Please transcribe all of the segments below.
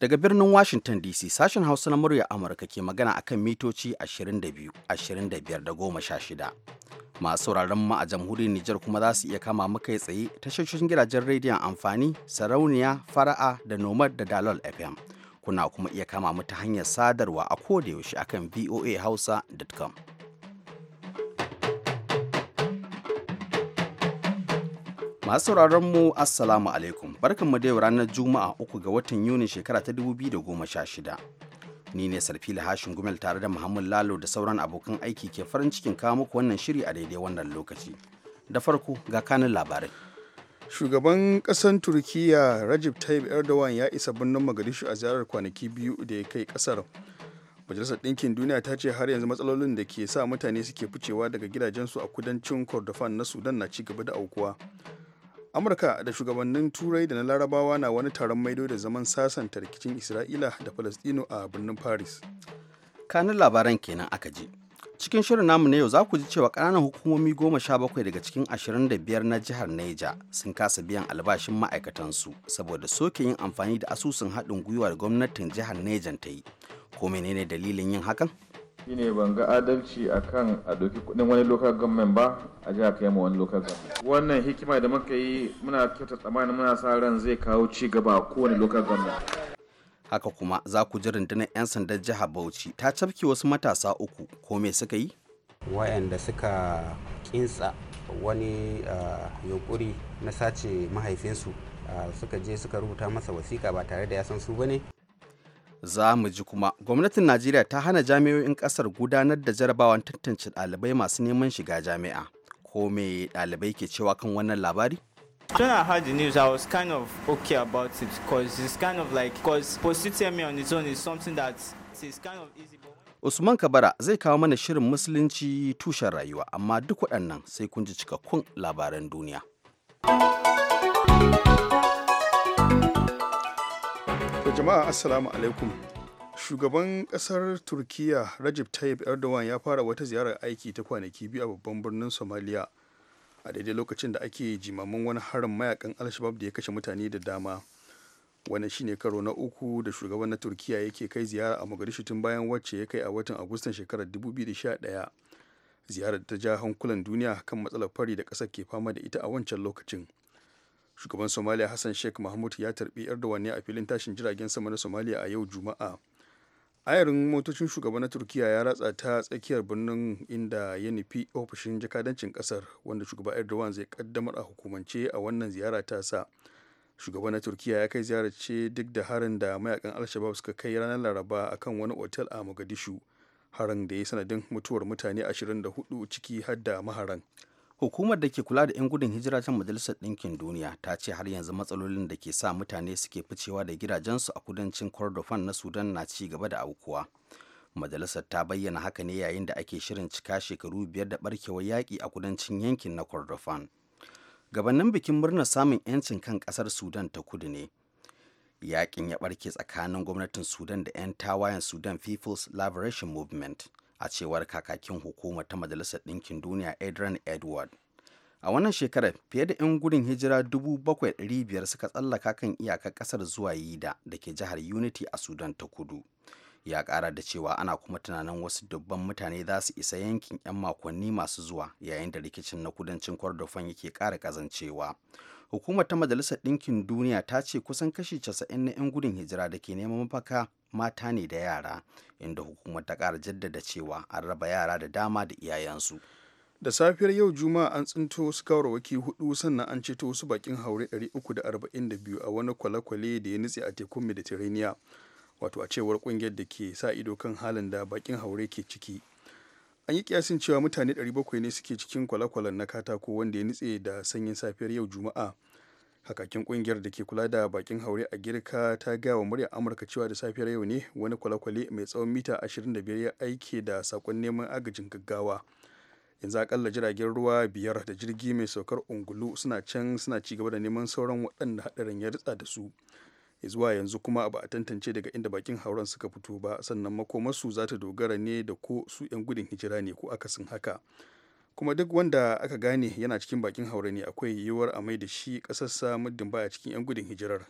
Daga birnin Washington DC sashen Hausa na murya Amurka ke magana a kan mitoci 22, 25 da 16. Masu sauraron mu a jamhuriyar Nijar kuma za su iya kama mu kai tsaye ta tashoshin gidajen rediyon amfani, sarauniya, fara'a da nomad da dalol FM. Kuna kuma iya kama mu ta hanyar sadarwa a yaushe akan voahausa.com. Masu sauraron mu Assalamu alaikum. Barkanmu da yau ranar Juma'a uku ga watan Yuni shekara ta 2016. Ni ne Sarfila Hashin Gumel tare da Muhammad Lalo da sauran abokan aiki ke farin cikin kawo muku wannan shiri a daidai wannan lokaci. Da farko ga kanin labarai. Shugaban ƙasar Turkiyya Rajib Tayyip Erdogan ya isa birnin Mogadishu a ziyarar kwanaki biyu da ya kai ƙasar. Majalisar Ɗinkin Duniya ta ce har yanzu matsalolin da ke sa mutane suke ficewa daga gidajensu a kudancin Kordofan na Sudan na ci gaba da aukuwa. amurka da shugabannin turai da na larabawa na wani taron maido da zaman sasanta rikicin isra'ila da falastino a birnin paris kanin labaran kenan aka ji cikin shirin namu na yau za ku ji cewa ƙananan hukumomi goma sha bakwai daga cikin ashirin da biyar na jihar Neja sun kasa biyan albashin ma'aikatansu saboda soke yin amfani da asusun haɗin gwiwa da gwamnatin jihar Neja ta yi ko menene dalilin yin hakan shine ban ga adalci a kan a doki kudin wani local government ba a jiha kai ma wani local government wannan hikima da muka yi muna kyauta tsammanin muna sa ran zai kawo ci gaba a kowane local government haka kuma za ku ji rundunar 'yan sandan jiha bauchi ta cafke wasu matasa uku ko me suka yi wayanda suka kintsa wani yunkuri na sace mahaifinsu suka je suka rubuta masa wasiƙa ba tare da ya san su bane za mu ji kuma gwamnatin najeriya ta hana jami'o'in kasar gudanar da jarabawan tantance ɗalibai masu neman shiga jami'a ko me ɗalibai ke cewa kan wannan labari When I heard the news, I was kind of okay about it because it's kind of like because me on its own is something that is kind of easy. Usman Kabara zai kawo mana shirin musulunci tushen rayuwa amma duk waɗannan sai kun ji cikakkun labaran duniya. To jama'a assalamu alaikum. Shugaban ƙasar Turkiyya rajib Tayyip Erdogan ya fara wata ziyarar aiki ta kwanaki biyu a babban birnin Somalia a daidai lokacin da ake jimamin wani harin mayakan Alshabab da ya kashe mutane da dama. Wannan shine karo na uku da shugaban na Turkiyya yake kai ziyara a Mogadishu tun bayan wacce ya kai a watan Agustan shekarar 2011. Ziyarar ta ja hankulan duniya kan matsalar fari da ƙasar ke fama da ita a wancan lokacin. shugaban somaliya hassan sheikh mahmud ya tarbi erdogan ne a filin tashin jiragen sama na somaliya a yau juma'a ayarin motocin shugaban na turkiya ya ratsa ta tsakiyar birnin inda ya nufi ofishin jakadancin kasar wanda shugaba erdogan zai kaddamar a hukumance a wannan ziyara ta sa shugaban na turkiya ya kai ziyara ce duk da harin da mayakan alshabab suka kai ranar laraba akan wani otel a mogadishu harin da ya sanadin mutuwar mutane 24 ciki har da maharan hukumar da ke kula da 'yan gudun hijira ta majalisar ɗinkin duniya ta ce har yanzu matsalolin da ke sa mutane suke ficewa da gidajensu a kudancin kordofan na sudan na ci gaba da aukuwa majalisar ta bayyana haka ne yayin da ake shirin cika shekaru biyar da barkewar yaƙi a kudancin yankin na kordofan gabanin bikin murnar samun 'yancin kan ƙasar sudan ta kudu ne yaƙin ya ɓarke tsakanin gwamnatin sudan da 'yan tawayen sudan people's liberation movement a cewar kakakin hukumar ta majalisar ɗinkin duniya adrian edward a wannan shekarar fiye da 'yan gudun hijira 7,500 suka tsallaka kan iyakar ƙasar zuwa yida da ke jihar unity a sudan ta kudu ya kara da cewa ana kuma tunanin wasu dubban mutane za su isa yankin 'yan makonni masu zuwa yayin da rikicin na kudancin kwardofon yake ƙara ƙazancewa. hukumar ta majalisar ɗinkin duniya ta ce kusan kashi 90 na 'yan gudun hijira da ke neman mafaka mata ne da yara inda hukumar ta ƙara jaddada cewa an raba yara da dama da iyayensu da safiyar yau juma'a an tsinto wasu kawarwaki hudu sannan an ceto wasu bakin haure 342 a wani kwale-kwale da ya nutse a tekun mediterranean wato a cewar kungiyar da ke sa ido kan halin da bakin haure ke ciki an yi kiyasin cewa mutane 700 ne suke cikin kwale-kwalen na katako wanda ya nutse da sanyin safiyar yau juma'a hakakin kungiyar da ke kula da bakin haure a girka ta gawa muryar amurka cewa da safiyar yau ne wani kwale-kwale mai tsawon mita 25 ya aike da sakon neman agajin gaggawa yanzu akalla jiragen ruwa biyar da jirgi mai saukar ungulu suna can suna ci gaba da neman sauran waɗanda haɗarin ya ritsa da su zuwa yanzu kuma ba a tantance daga inda bakin hauren suka fito ba sannan makomarsu za ta dogara ne da ko su 'yan gudun hijira ne ko akasin haka kuma duk wanda aka gane yana cikin bakin haure ne akwai yiwuwar a mai da shi ƙasarsa muddin baya cikin 'yan gudun hijirar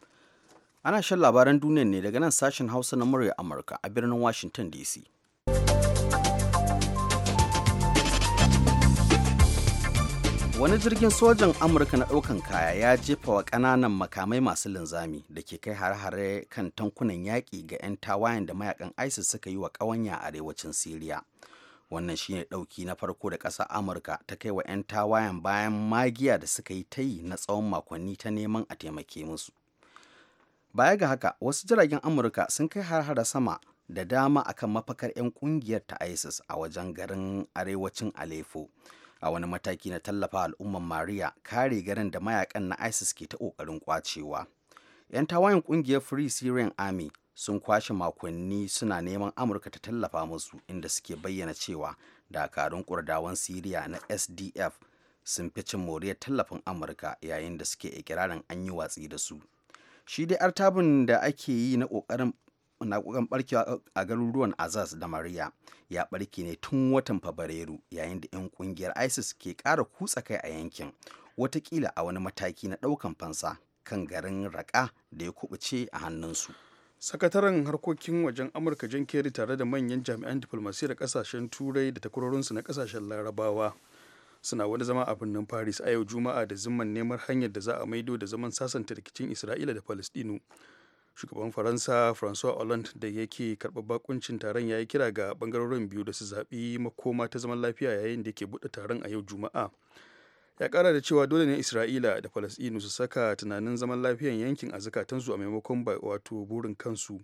ana shan labaran duniya ne daga nan sashen hausa na murya amurka a birnin washington dc wani jirgin sojan amurka na daukan kaya ya jefa wa kananan makamai masu linzami da ke kai har hare kan tankunan yaƙi ga 'yan tawayen da mayakan isis suka yi wa ƙawanya a arewacin siriya wannan shine ɗauki na farko da ƙasa amurka ta kai wa 'yan tawayen bayan magiya da suka yi ta yi na tsawon makonni ta neman a taimake musu baya ga haka wasu jiragen amurka sun kai har hare sama da dama akan mafakar 'yan kungiyar ta isis a wajen garin arewacin aleppo a wani mataki na tallafa al'umman mariya kare garin da mayakan na isis ke ta kokarin kwacewa 'yan tawayen ƙungiyar free syrian army sun kwashe makonni suna neman amurka ta tallafa musu inda suke bayyana cewa dakarun kurdawan syria na sdf sun fi cin moriyar tallafin amurka yayin da suke ikirarin an yi watsi da su shi dai artabin da ake yi na kokarin. na kokan barkewa a garuruwan azaz da mariya ya barke ne tun watan fabrairu yayin da 'yan kungiyar isis ke kara kutsa kai a yankin watakila a wani mataki na daukan fansa kan garin raka da ya kubuce a hannunsu sakataren harkokin wajen amurka jan keri tare da manyan jami'an diflomasiyyar kasashen turai da takwarorinsu na kasashen larabawa suna wani zama a birnin paris a yau juma'a da zimman neman hanyar da za a maido da zaman sasanta rikicin isra'ila da palestinu shugaban faransa francois hollande da yake karɓar bakuncin taron ya yi kira ga bangarorin biyu da su zaɓi makoma ta zaman lafiya yayin da yake buɗe taron a yau juma'a ya ƙara da cewa dole ne isra'ila da falasɗinu su saka tunanin zaman lafiyan yankin a zukatansu a maimakon wato burin kansu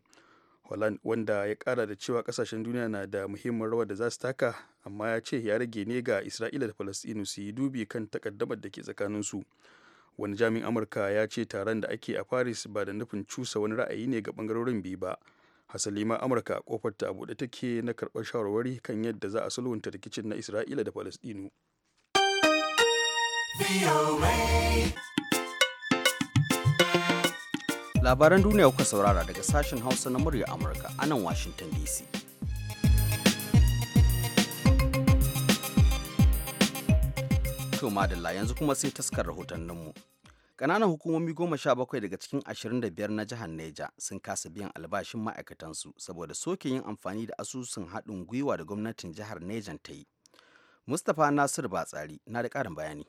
Holland wanda ya kara da cewa kasashen duniya na da muhimmin rawar da za su taka amma ya ce ya rage ne ga Isra'ila da Falasɗinu su yi dubi kan takaddamar da ke tsakaninsu. su wani jami'in amurka ya ce taron da ake a paris ba da nufin cusa wani ra'ayi ne ga bangarorin biyu ba hasali ma amurka kofar ta buɗe take na karɓar shawarwari kan yadda za a sulhunta rikicin na isra'ila da palestinu labaran duniya kuka saurara daga sashen hausa na murya amurka a nan washington dc To madalla yanzu kuma sai taskar rahotanninmu. Ƙananan hukumomi goma sha bakwai daga cikin ashirin da biyar na jihar Neja sun kasa biyan albashin ma'aikatansu saboda soke yin amfani da asusun haɗin gwiwa da gwamnatin jihar neja ta yi. Mustapha Nasir Batsari na da ƙarin bayani.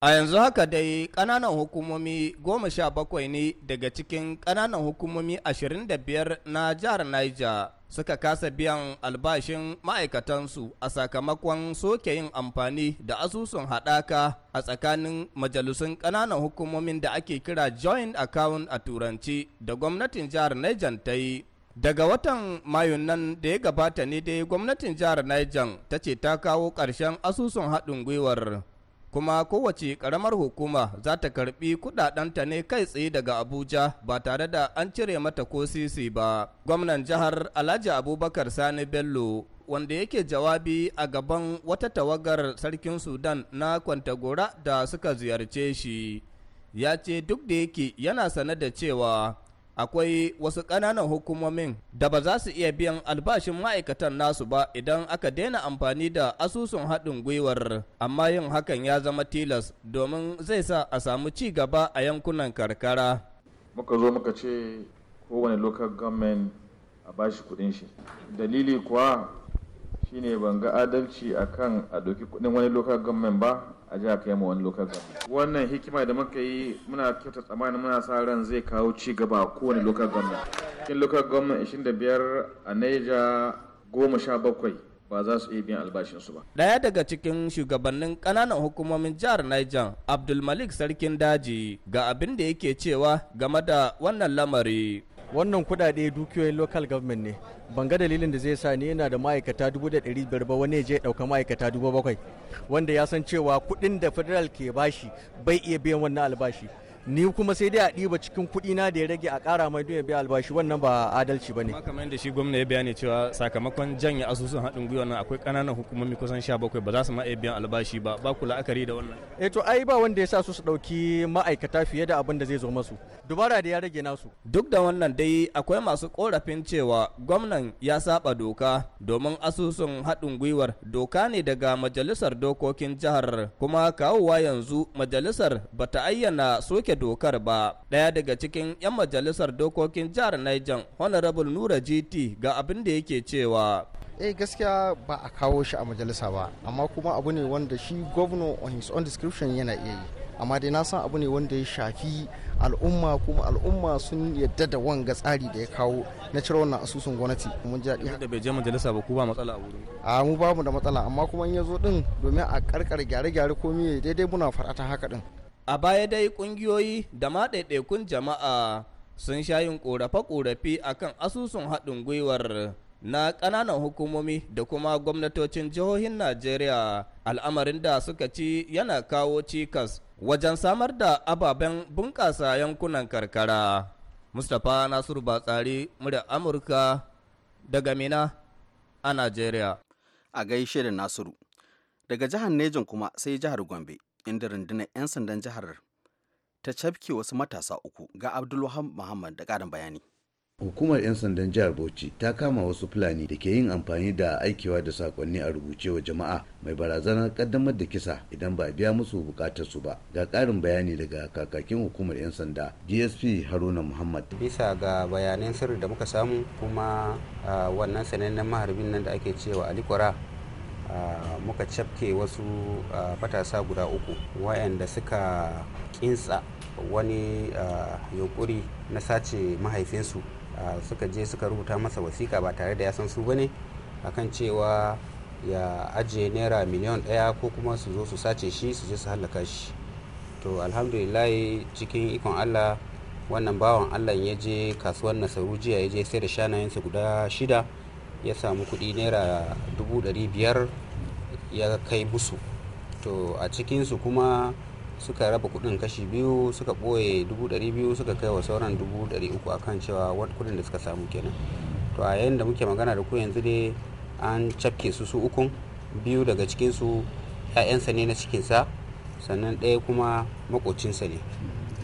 A yanzu haka dai kananan hukumomi goma sha bakwai ne daga cikin kananan hukumomi ashirin da biyar na jihar Niger suka kasa biyan albashin ma'aikatansu a sakamakon soke yin amfani da asusun haɗaka a tsakanin majalisun ƙananan hukumomin da ake kira joint account a turanci da gwamnatin jihar Niger ta yi. Daga watan Mayun nan da ya gabata ne dai gwamnatin jihar Niger ta ce ta kawo ƙarshen asusun haɗin gwiwar. kuma kowace karamar hukuma za ta karbi kudadanta ne kai tsaye daga abuja ba tare da an cire mata ko sisi ba gwamnan jihar alhaji abubakar sani bello wanda yake jawabi a gaban wata tawagar sarkin sudan na kwantagora da suka ziyarce shi ya ce duk da yake yana sane da cewa akwai wasu ƙananan hukumomin da ba za su iya biyan albashin ma'aikatan nasu ba idan aka daina amfani da asusun haɗin gwiwar amma yin hakan ya zama tilas domin zai sa a samu ci gaba a yankunan karkara muka zo muka ce kowane local government a bashi kudin shi dalili kuwa shine ban ga adalci akan a doki kudin wani local government ba a jiha kai ma wani local government wannan hikima da muka yi muna kyauta tsammanin muna sa ran zai kawo ci gaba a kowane local government cikin local government 25 a naija goma sha bakwai ba za su iya biyan albashinsu ba. Daya daga cikin shugabannin ƙananan hukumomin jihar Niger, Abdulmalik Sarkin Daji, ga abin da yake cewa game da wannan lamari. wannan kudade dukiyoyin local government ne ban ga dalilin da zai sa ni yana da ma'aikata 500 da ba wani je ɗauka ma'aikata 7,000 wanda ya san cewa kuɗin da federal ke bashi bai iya biyan wannan albashi ni kuma sai dai a ɗiba cikin kuɗi na da ya rage a ƙara mai don ya biya albashi wannan ba adalci ba ne. kamar yadda shi gwamna ya bayani cewa sakamakon janye asusun haɗin gwiwa na akwai ƙananan hukumomi kusan sha bakwai ba za su ma iya biyan albashi ba ba ku la'akari da wannan. eh to ai ba wanda ya sa su su ɗauki ma'aikata fiye da abin da zai zo masu dubara da ya rage nasu. duk da wannan dai akwai masu korafin cewa gwamnan ya saba doka domin asusun haɗin gwiwar doka ne daga majalisar dokokin jihar kuma kawowa yanzu majalisar bata ayyana soke soke dokar ba ɗaya daga cikin 'yan majalisar dokokin jihar niger honorable nura gt ga abin da yake cewa eh gaskiya ba a kawo shi a majalisa ba amma kuma abu ne wanda shi governor on his own description yana iya yi amma dai na san abu ne wanda ya shafi al'umma kuma al'umma sun yadda da wanga tsari da ya kawo na cire wannan asusun gwamnati mun ji daɗi da bai je majalisa ba ku ba matsala a wurin a mu ba mu da matsala amma kuma in ya zo din domin a karkar gyare-gyare ko me daidai muna fara ta haka din a baya dai kungiyoyi da ma ɗaiɗaikun jama'a sun sha yin ƙorafe-ƙorafe kan asusun haɗin gwiwar na ƙananan hukumomi da kuma gwamnatocin jihohin Najeriya al'amarin da suka ci yana kawo cikas wajen samar da ababen bunƙasa yankunan karkara. Mustapha Nasiru Batsari, murya Amurka daga Mina a Najeriya. A gaishe da Nasiru. Daga jihar Nejin kuma sai jihar Gombe. inda rundunar 'yan sandan jihar ta cafke wasu matasa uku ga abdulwahab muhammad da ƙarin bayani hukumar 'yan sandan jihar bauchi ta kama wasu fulani da ke yin amfani da aikewa da sakonni a rubuce wa jama'a mai barazanar kaddamar da kisa idan ba biya musu bukatar su ba ga karin bayani daga kakakin hukumar 'yan sanda dsp haruna muhammad bisa ga bayanan sirri da muka samu kuma ah, wannan sanannen maharbin nan da ake cewa alikwara muka cafke wasu matasa guda uku wayanda suka kinsa wani yunkuri na sace mahaifinsu suka je suka rubuta masa wasiƙa ba tare da ya san su ba bane akan cewa ya ajiye naira miliyan ɗaya ko kuma su zo su sace shi su je su hallaka shi to alhamdulillah cikin ikon allah wannan bawan allah ya je kasuwar nasaru jiya ya je sai da shanayensa guda shida ya samu kudi naira dubu dari biyar ya kai musu to a cikinsu kuma suka raba kudin kashi biyu suka ɓoye dubu dari biyu suka kai wa sauran dubu dari uku akan cewa wani kuɗin da suka samu kenan to a yayin da muke magana da ku yanzu dai an cafke su su ukun biyu daga cikinsu 'ya'yansa ne na cikinsa sannan ɗaya kuma makocinsa ne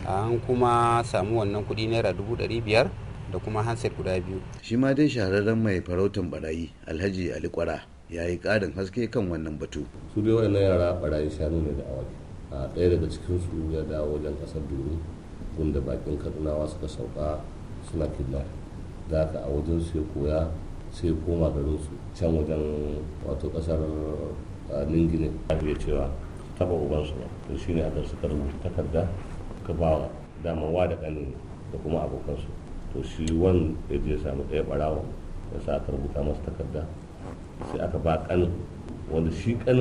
an kuma samu wannan kudi naira dubu dari biyar da kuma handset guda biyu shi ma dai shahararren mai farautan barayi alhaji ali kwara ya yi ƙarin haske kan wannan batu su dai waɗannan yara barayi shanu ne da awa a ɗaya daga cikinsu ya dawo wajen ƙasar domin wanda bakin kadunawa suka sauka suna kidnap da aka a wajen su ya koya sai koma garin su can wajen wato kasar ningine a iya cewa taba ubansu ba to shi ne aka suka rubuta takarda ka ba damawa da ƙani da kuma abokansu to shi wan ya je samu ɗaya ɓarawa ya sa aka rubuta masa takarda sai aka ba ƙanin wanda shi ba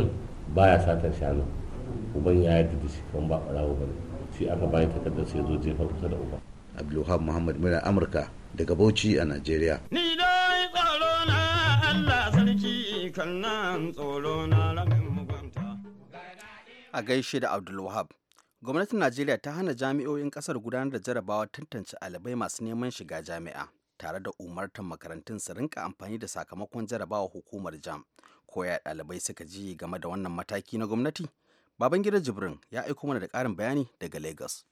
baya satar shanu uban ya yadda da shi kan ba ɓarawa ba ne shi aka ba ya takardar sai zo jefa kusa da uba. abdulwahab muhammad muna amurka daga bauchi a nigeria ni dai tsaro na allah sarki kan a gaishe da abdulwahab gwamnatin najeriya ta hana jami'o'in kasar gudanar da jarabawa tantance alibai masu neman shiga jami'a tare da umartar makarantun su rinka amfani da sakamakon jarabawa hukumar jam Ko ya ɗalibai suka ji game da wannan mataki na gwamnati babangida jibrin ya aiko mana da ƙarin bayani daga lagos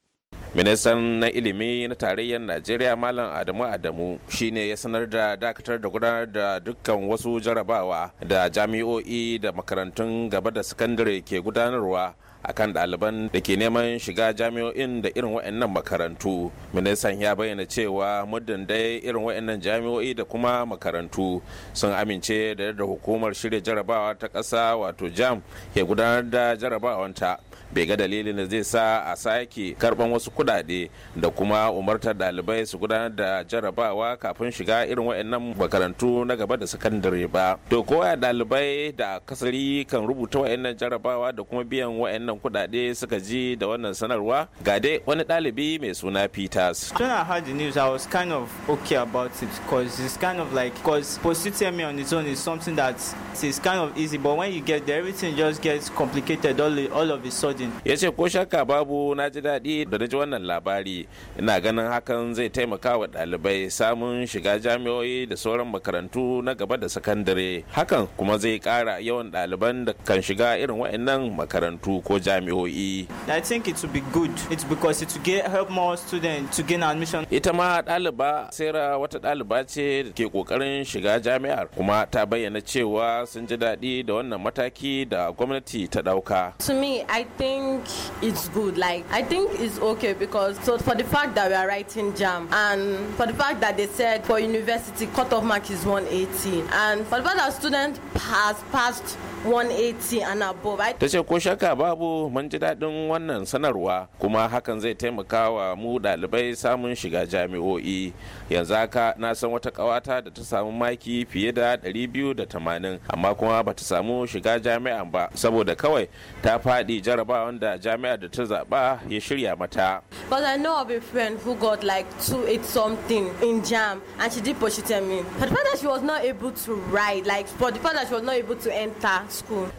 ministan na ilimi na tarayyar najeriya malam adamu adamu shine ya sanar da dakatar da gudanar da dukkan wasu jarabawa da jami'o'i da makarantun gaba da sakandare ke gudanarwa akan ɗaliban da ke neman shiga jami'o'in da irin wa'annan makarantu ministan ya bayyana cewa muddin dai irin wa'annan jami'o'i da kuma makarantu sun amince da yadda hukumar shirya jarabawa ta ƙasa wato jam ke gudanar da jarabawanta bai ga dalilin da zai sa a sake karban wasu kudade da kuma umartar ɗalibai su gudanar da jarabawa kafin shiga irin waɗannan makarantu na gaba da sakandare ba to koya ɗalibai da kasari kan rubuta waɗannan jarabawa da kuma biyan waɗannan kudade suka ji da wannan sanarwa ga dai wani ɗalibi mai suna peters when i heard the news i was kind of okay about it because it's kind of like because posting me on its own is something that is kind of easy but when you get there everything just gets complicated all, all of a sudden jin. ya ce ko shakka babu na ji daɗi da na ji wannan labari ina ganin hakan zai taimaka wa ɗalibai samun shiga jami'o'i da sauran makarantu na gaba da sakandare hakan kuma zai kara yawan ɗaliban da kan shiga irin waɗannan makarantu ko jami'o'i i think it will be good it's because it will help more students to gain admission ita ma ɗaliba sera wata ɗaliba ce da ke ƙoƙarin shiga jami'ar kuma ta bayyana cewa sun ji daɗi da wannan mataki da gwamnati ta ɗauka to me i think it's good. Like, I think it's okay because so for the fact that we are writing jam and for the fact that they said for university cutoff mark is 180 and for the fact that students has passed 180 and above. Ta ce ko shakka babu mun ji daɗin wannan sanarwa kuma hakan zai taimaka wa mu ɗalibai samun shiga jami'o'i. Yanzu haka na san wata ƙawata da ta samu maki fiye da 280 amma kuma bata samu shiga jami'an ba saboda kawai ta faɗi jarabawan da jami'ar da ta zaɓa ya shirya mata. But I know of a friend who got like 28 something in jam and she did push it me. But the fact that she was not able to write, like for the fact that she was not able to enter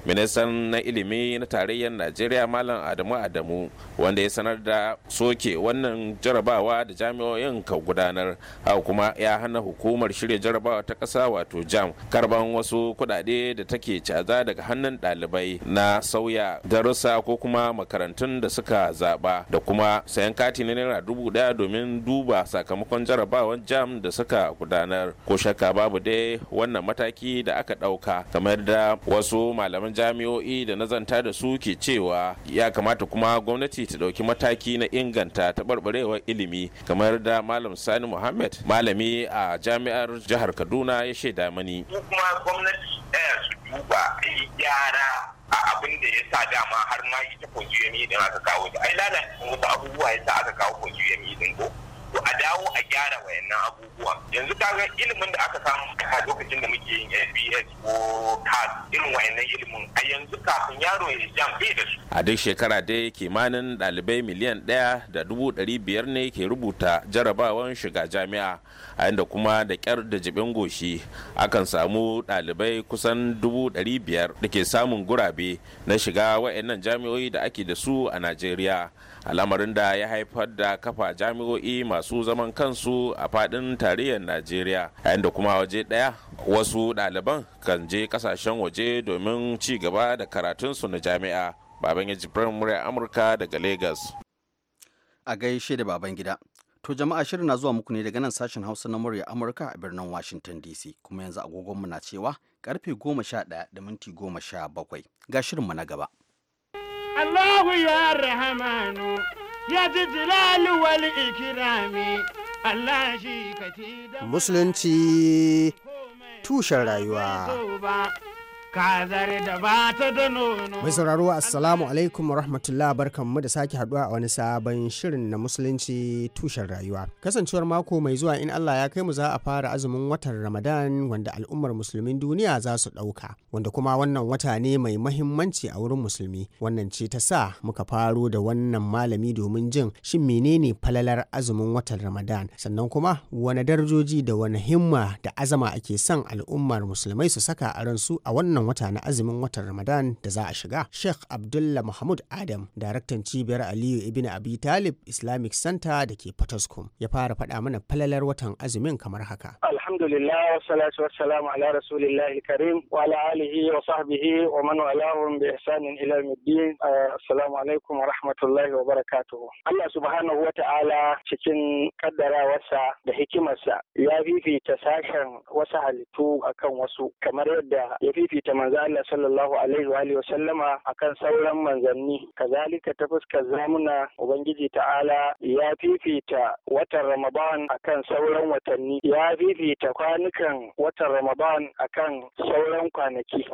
Ministan na ilimi na tarayyar Najeriya Malam Adamu Adamu wanda ya sanar da soke wannan jarabawa da jami'o'in ka gudanar haka kuma ya hana hukumar shirya jarabawa ta ƙasa wato jam karban wasu kuɗaɗe da take caza daga hannun ɗalibai na sauya darussa ko kuma makarantun da suka zaba, da kuma sayan kati na naira dubu daya domin duba sakamakon jarabawar jam da suka gudanar ko shakka babu dai wannan mataki da aka ɗauka kamar da wasu malaman jami'o'i da nazanta da su ke cewa ya kamata kuma gwamnati ta ɗauki mataki na inganta taɓarɓarewar ilimi kamar da malam sani muhammad malami a jami'ar jihar kaduna ya shaida mani kuma gwamnati ɗaya eh, su duba a abin da ya sa dama har ma ita yi din aka kawo ta ai lalata wasu abubuwa ya sa aka kawo yi din ko a dawo a gyara wayannan abubuwa yanzu kaga ilimin da aka samu a lokacin da muke yin SBS ko CAS irin wayannan ilimin a yanzu kafin yaro ya jam bai da su a duk shekara dai kimanin ɗalibai miliyan ɗaya da dubu ɗari biyar ne ke rubuta jarabawan shiga jami'a a yanda kuma da ƙyar da jibin goshi akan samu ɗalibai kusan dubu ɗari biyar da ke samun gurabe na shiga wayannan jami'o'i da ake da su a najeriya al'amarin da ya haifar da kafa jami'o'i masu masu zaman kansu a faɗin tarihin najeriya yayin da kuma waje ɗaya wasu ɗaliban kan je kasashen waje domin ci gaba da karatunsu na jami'a baban yaji murya amurka daga lagos a gaishe da baban gida to jama'a shirin na zuwa muku ne daga nan sashen hausa na murya amurka a birnin washington dc kuma yanzu agogonmu na cewa karfe goma sha ɗaya da minti goma sha bakwai ga shirinmu na gaba Allahu ya rahamanu ya ji jilali wal ikirami Allah shi ka ci musulunci tushen rayuwa Mai sauraro Assalamu alaikum rahmatullah barkan mu da sake haduwa a wani sabon shirin na musulunci tushen rayuwa. Kasancewar mako mai zuwa in Allah ya kai mu za a fara azumin watan Ramadan wanda al'ummar musulmin duniya za su ɗauka, wanda kuma wannan wata ne mai mahimmanci a wurin musulmi. Wannan ce ta sa muka faro da wannan malami domin jin shin menene falalar azumin watan Ramadan sannan kuma wani darajoji da wani himma da azama ake son al'ummar musulmai su saka a ransu a wannan wannan wata na azumin watan Ramadan da za a shiga. Sheikh Abdullah Muhammad Adam, daraktan cibiyar Aliyu Ibn Abi Talib Islamic Center da ke Potoskum, ya fara faɗa mana falalar watan azumin kamar haka. alhamdulillah wa salatu wa salamu ala rasulillahi karim wa ala alihi wa sahbihi wa man walahum bi ihsanin ila yawmiddin uh, assalamu alaikum wa rahmatullahi wa barakatuh Allah subhanahu wa ta'ala cikin kaddarawarsa da hikimarsa ya fifita sashen wasu halittu akan wasu kamar yadda ya fifita manzo Allah sallallahu alaihi wa alihi wa sallama akan sauran manzanni kazalika ta fuskar zamuna ubangiji ta'ala ya fifita watan Ramadan akan sauran watanni ya fifita da kwanukan watan Ramadan akan sauran kwanaki.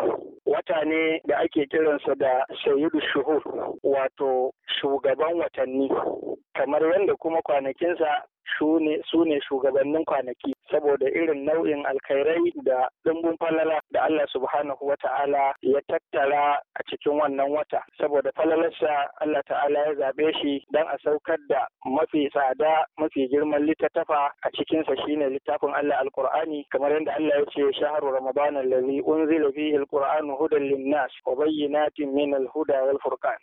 Wata ne da ake kiransa da Sayyidu Shuhur, wato shugaban watanni, kamar yadda kuma kwanakinsa su ne shugabannin kwanaki saboda irin nau'in alkhairai da ɗimbin falala da Allah subhanahu wa ta'ala ya tattara a cikin wannan wata saboda falalarsa Allah ta'ala ya zaɓe shi don a saukar da mafi tsada mafi girman littattafa a cikinsa shine littafin Allah alkur'ani kamar yadda Allah ya ce shahru ramadan allazi unzila fihi alqur'anu hudan linnas wa bayyinatin min alhuda wal furqan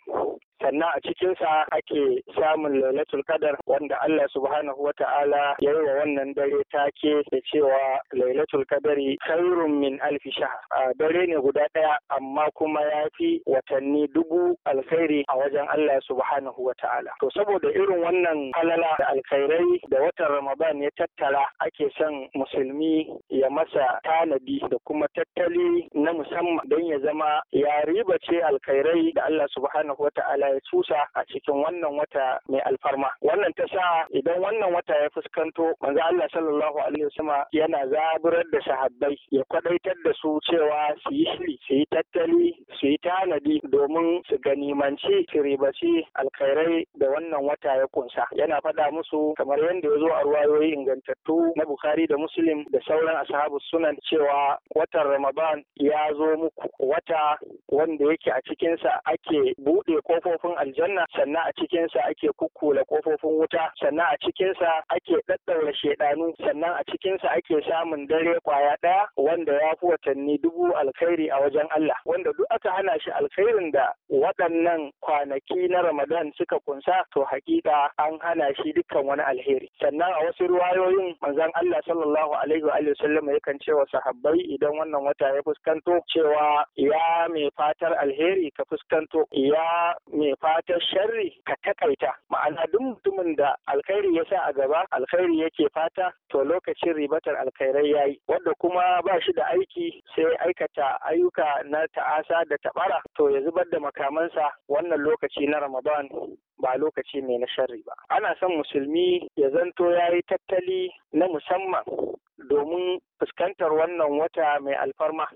sannan a cikinsa ake samun lailatul qadar wanda Allah subhanahu wa ta'ala ya yi wa wannan dare take da cewa lailatul qadari khairun min alfi shahr dare ne guda daya amma kuma ya fi watanni dubu alkhairi a wajen Allah subhanahu wa ta'ala to saboda irin wannan halala da alkhairai da watan Ramadan ya tattara ake son musulmi ya masa tanadi da kuma tattali na musamman don ya zama ya ribace alkhairai da Allah subhanahu wa ta'ala ya cusa a cikin wannan wata mai alfarma wannan ta sa idan wannan wata ya fuskanto manzo Allah sallallahu alaihi wasallam yana zaburar da sahabbai ya kwadaitar da su cewa su yi shiri su yi tattali su yi tanadi domin su ganimanci su ribaci alkhairai da wannan wata ya kunsa yana faɗa musu kamar yadda ya zo a ruwayoyi ingantattu na Bukhari da Muslim da sauran ashabu sunan cewa watan Ramadan ya zo muku wata wanda yake a cikinsa ake buɗe kofofin kofofin aljanna sannan a cikinsa ake kukkula kofofin wuta sannan a cikinsa ake ɗaɗɗaura shedanu sannan a cikinsa ake samun dare kwaya ɗaya wanda ya fi watanni dubu alkhairi a wajen Allah wanda duk aka hana shi alkhairin da waɗannan kwanaki na Ramadan suka kunsa to hakika an hana shi dukkan wani alheri sannan a wasu ruwayoyin manzon Allah sallallahu alaihi wa sallam yakan ce wa sahabbai idan wannan wata ya fuskanto cewa ya mai fatar alheri ka fuskanto ya mai mai fatan sharri ka takaita ma'ana duk mutumin da alkhairi ya sa a gaba alkhairi yake fata to lokacin ribatar alkhairai yayi wanda kuma ba shi da aiki sai aikata ayyuka na ta'asa da tabara to ya zubar da makamansa wannan lokaci na Ramadan ba lokaci ne na sharri ba ana son musulmi ya zanto yayi tattali na musamman domin fuskantar wannan wata mai alfarma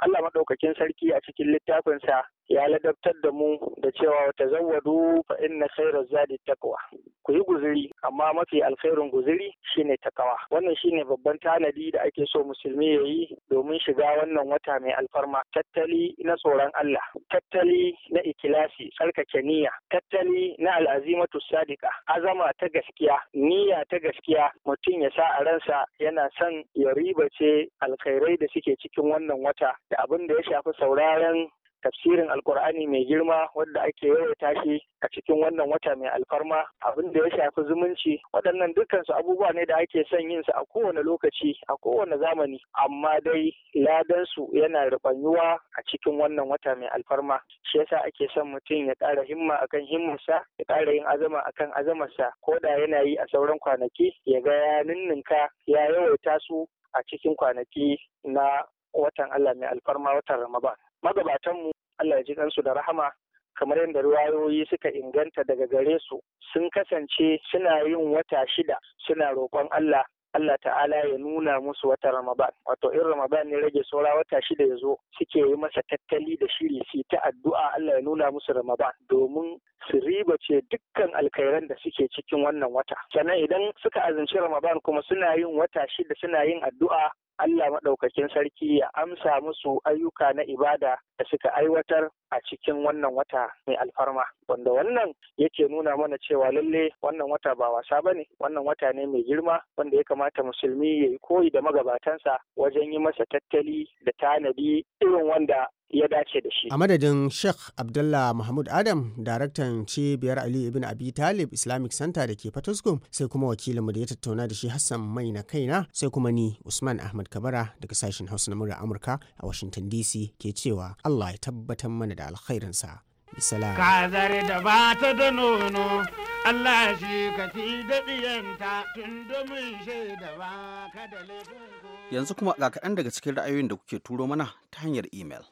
Allah maɗaukakin sarki a cikin littafinsa ya ladabtar da mu da cewa wata zawadu fa inna khairaz zadi taqwa ku yi guziri amma mafi alkhairin guziri shine takawa wannan shine babban tanadi da ake so musulmi ya yi domin shiga wannan wata mai alfarma tattali na tsoron Allah tattali na ikilasi tsarkake niyya tattali na al'azimatu sadiqa azama ta gaskiya niyya ta gaskiya mutum ya sa a ransa yana son ya ribace alkhairai da suke cikin wannan wata da abin da ya shafi sauraron tafsirin alkur'ani mai girma wadda ake yawaita shi a cikin wannan wata mai alfarma abin da ya shafi zumunci waɗannan dukkansu abubuwa ne da ake son yin su a kowane lokaci a kowane zamani amma dai ladansu yana rubanyuwa a cikin wannan wata mai alfarma shi yasa ake son mutum ya ƙara himma akan himmarsa ya ƙara yin azama akan azamarsa ko da yana yi a sauran kwanaki ya ga ya ninninka ya yawaita su a cikin kwanaki na watan Allah mai alfarma watan Ramadan. magabatanmu Allah ya ji kansu da rahama kamar yadda ruwayoyi suka inganta daga gare su sun kasance suna yin wata shida suna roƙon Allah Allah ta'ala ya nuna musu wata Ramadan wato in Ramadan ne rage saura wata shida ya zo suke yi masa tattali da shiri su ta addu'a Allah ya nuna musu Ramadan domin su riba ce dukkan alkhairan da suke cikin wannan wata sannan idan suka azinci Ramadan kuma suna yin wata shida suna yin addu'a Allah maɗaukakin sarki ya amsa musu ayyuka na ibada da suka aiwatar a cikin wannan wata mai alfarma wanda wannan yake nuna mana cewa lalle wannan wata ba wasa ba ne, wannan wata ne mai girma wanda ya kamata kamata musulmi ya yi koyi da magabatansa wajen yi masa tattali da tanadi irin wanda ya dace da shi. A madadin Sheikh Abdullah Mahmud Adam, daraktan cibiyar Ali Ibn Abi Talib Islamic Center da ke Fatuskum, sai kuma wakilinmu da ya tattauna da shi Hassan Mai na kaina, sai kuma ni Usman Ahmad Kabara daga sashen Hausa na Amurka a Washington DC ke cewa Allah ya tabbatar mana da alkhairinsa. salam kazar da ba ta da nono Allah shi ka fi daɗiyanta tun domin shaida ba ka da laifin yanzu kuma ga kaɗan daga cikin ra'ayoyin da kuke turo mana ta hanyar imel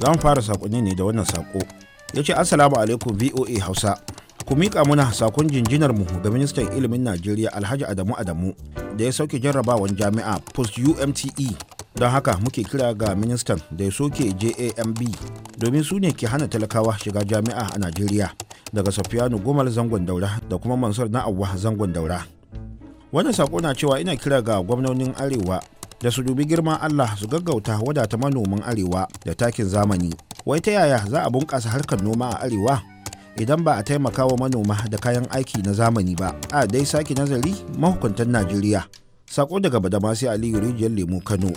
za mu fara sakonni ne da wannan sako ya ce assalamu alaikum voa hausa ku miƙa muna sakon jinjinar mu ga ministan ilimin najeriya alhaji adamu adamu da ya sauke jarrabawan jami'a post umte don haka muke kira ga ministan da ya soke jamb domin su ne ke hana talakawa shiga jami'a a najeriya daga safiyanu gomal zangon daura da kuma mansur na'awwa zangon daura wannan sako na cewa ina kira ga gwamnonin arewa da su dubi girman allah su gaggauta wadata manoman arewa da takin zamani wai ta yaya za a bunƙasa harkar noma a arewa idan ba a taimaka wa manoma da kayan aiki na zamani ba a dai sake nazari mahukuntan najeriya sako daga badamasi aliyu rijiyar lemu kano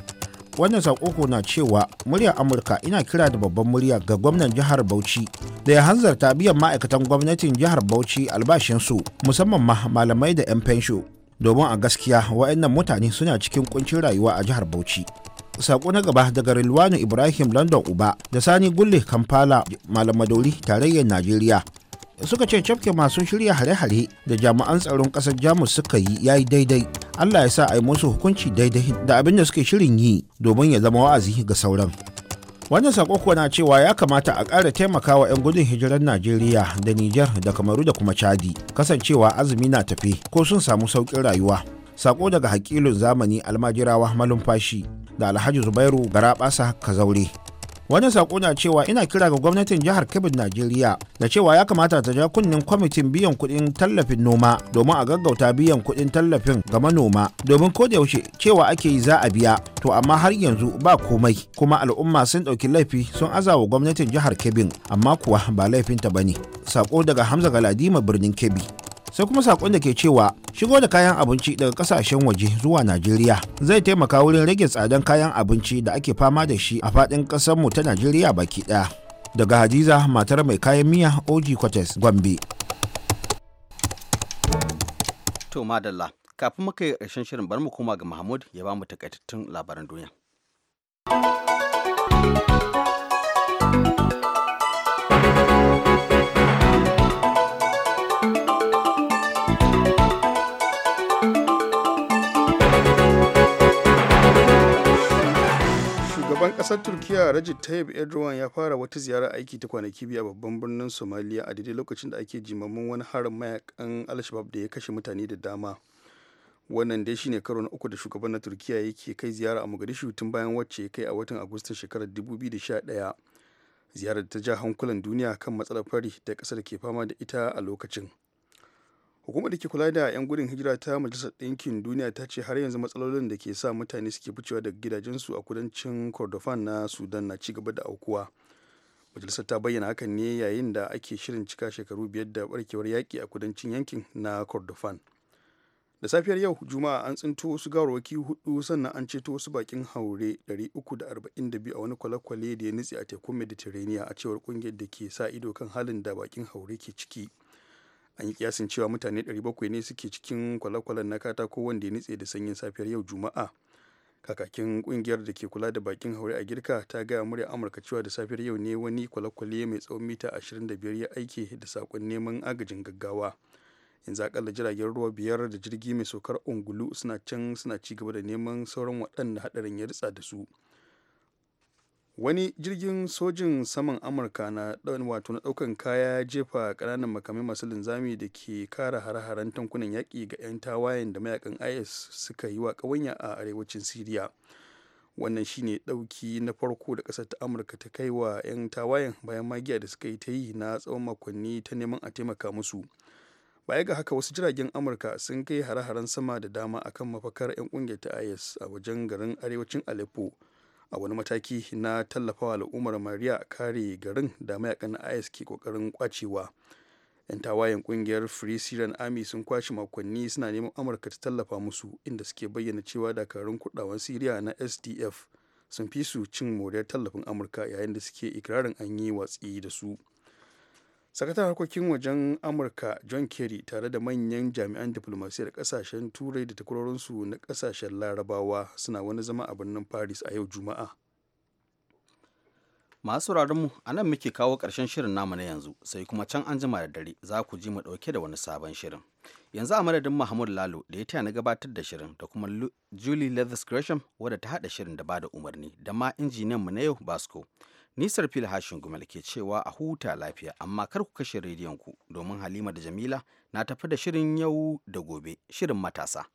wannan saƙo na cewa muryar amurka ina kira da babban murya ga gwamnan jihar bauchi da ya hanzarta biyan ma'aikatan gwamnatin jihar bauchi albashinsu musamman ma malamai da 'yan fensho domin a gaskiya wa'annan mutane suna cikin kuncin rayuwa a jihar bauchi sako na gaba daga rilwanu ibrahim london uba da sani gulle kampala malamadori tarayyar najeriya suka ce cafke masu shirya hare-hare da jami'an tsaron ƙasar jamus suka yi ya yi daidai allah ya sa a yi musu hukunci daidai da abin da suke shirin yi domin ya zama wa'azi ga sauran wannan sako kuwa na cewa ya kamata a ƙara taimaka wa 'yan gudun hijirar najeriya da niger da kamaru da kuma chadi kasancewa azumi na tafe ko sun samu sauƙin rayuwa sako daga hakilun zamani almajirawa malumfashi da alhaji zubairu garaɓasa kazaure wani sako na cewa ina kira ga gwamnatin jihar kebbi najeriya da cewa ya kamata ta ja kunnin kwamitin biyan kudin tallafin noma domin a gaggauta biyan kudin tallafin ga manoma domin ko da yaushe cewa ake yi za a biya to amma har yanzu ba komai kuma al'umma sun ɗauki laifi sun azawa gwamnatin jihar kebbi amma kuwa ba laifinta ba ne sako daga hamza galadima birnin kebbi sai kuma sakon da ke cewa shigo da kayan abinci daga kasashen waje zuwa najeriya zai taimaka wurin rage tsadan kayan abinci da ake fama da shi a faɗin mu ta najeriya baki ɗaya daga hadiza matar mai kayan miya oji kwates gombe to madalla kafin muka yi ƙarshen shirin bar mu koma ga mahmud ya ba mu takaitattun labaran duniya Shugaban ƙasar Turkiyya Recep Tayyip Erdogan ya fara wata ziyara aiki ta kwanaki biyu a babban birnin Somalia a daidai lokacin da ake jimamin wani harin mayakan Alshabab da ya kashe mutane da dama. Wannan dai shine karo na uku da shugaban na Turkiyya yake kai ziyara a Mogadishu tun bayan wacce ya kai a watan Agustan shekarar 2011. Ziyarar ta ja hankulan duniya kan matsalar fari da ƙasar ke fama da ita a lokacin. hukumar da ke kula da 'yan gudun hijira ta majalisar ɗinkin duniya ta ce har yanzu matsalolin da ke sa mutane suke ficewa daga gidajensu a kudancin kordofan na sudan na cigaba da aukuwa majalisar ta bayyana hakan ne yayin da ake shirin cika shekaru biyar da barkewar yaƙi a kudancin yankin na kordofan da safiyar yau juma'a an tsinto wasu gawarwaki hudu sannan an ceto wasu bakin haure 342 a wani kwale-kwale da ya nutse a tekun mediterranean a cewar kungiyar da ke sa ido kan halin da bakin haure ke ciki an yi kiyasin cewa mutane 700 ne suke cikin kwale-kwalen na katako wanda ya nitse da sanyin safiyar yau juma'a kakakin kungiyar da ke kula da bakin haure a girka ta gaya murya amurka cewa da safiyar yau ne wani kwale mai tsawon mita 25 ya aike da sakon neman agajin gaggawa yanzu akalla jiragen ruwa biyar da jirgi mai saukar ungulu suna can suna ci gaba da neman sauran waɗanda hadarin ya ritsa da su wani jirgin sojin saman amurka na wato na daukan kaya jefa kananan makamai masu linzami da ke kara hare-haren tankunan yaƙi ga 'yan tawayen da mayakan is suka yi wa ƙawanya a arewacin siriya wannan shine ɗauki na farko da ƙasar ta amurka ta kai wa 'yan tawayen bayan magiya da suka yi ta yi na tsawon makonni ta neman a taimaka musu baya ga haka wasu jiragen amurka sun kai hare-haren sama da dama akan mafakar 'yan ƙungiyar ta is a wajen garin arewacin aleppo a wani mataki na tallafawa al'ummar mariya kare garin da mayakan is ke kokarin kwacewa yan tawayen kungiyar free syrian army sun kwashe makonni suna neman amurka ta tallafa musu inda suke bayyana cewa dakarun kudawan syria na sdf sun fi su cin moriyar tallafin amurka yayin da suke ikirarin an yi watsi da su sakatar harkokin wajen amurka john kerry tare da manyan jami'an diplomasiyyar kasashen turai da takwarorinsu na kasashen larabawa suna wani zama a birnin paris a yau juma'a masu mu a nan muke kawo karshen shirin namu na yanzu sai kuma can an jima da dare za ku ji mu ɗauke da wani sabon shirin yanzu a madadin mahmud lalo da ya taya na gabatar da shirin da kuma julie leathers gresham wadda ta haɗa shirin da ba da umarni da ma injiniyan mu na yau basco Nisar fil hashin gumal ke cewa a huta lafiya amma kar ku kashe rediyon ku domin Halima da Jamila na tafi da shirin yau da gobe shirin matasa.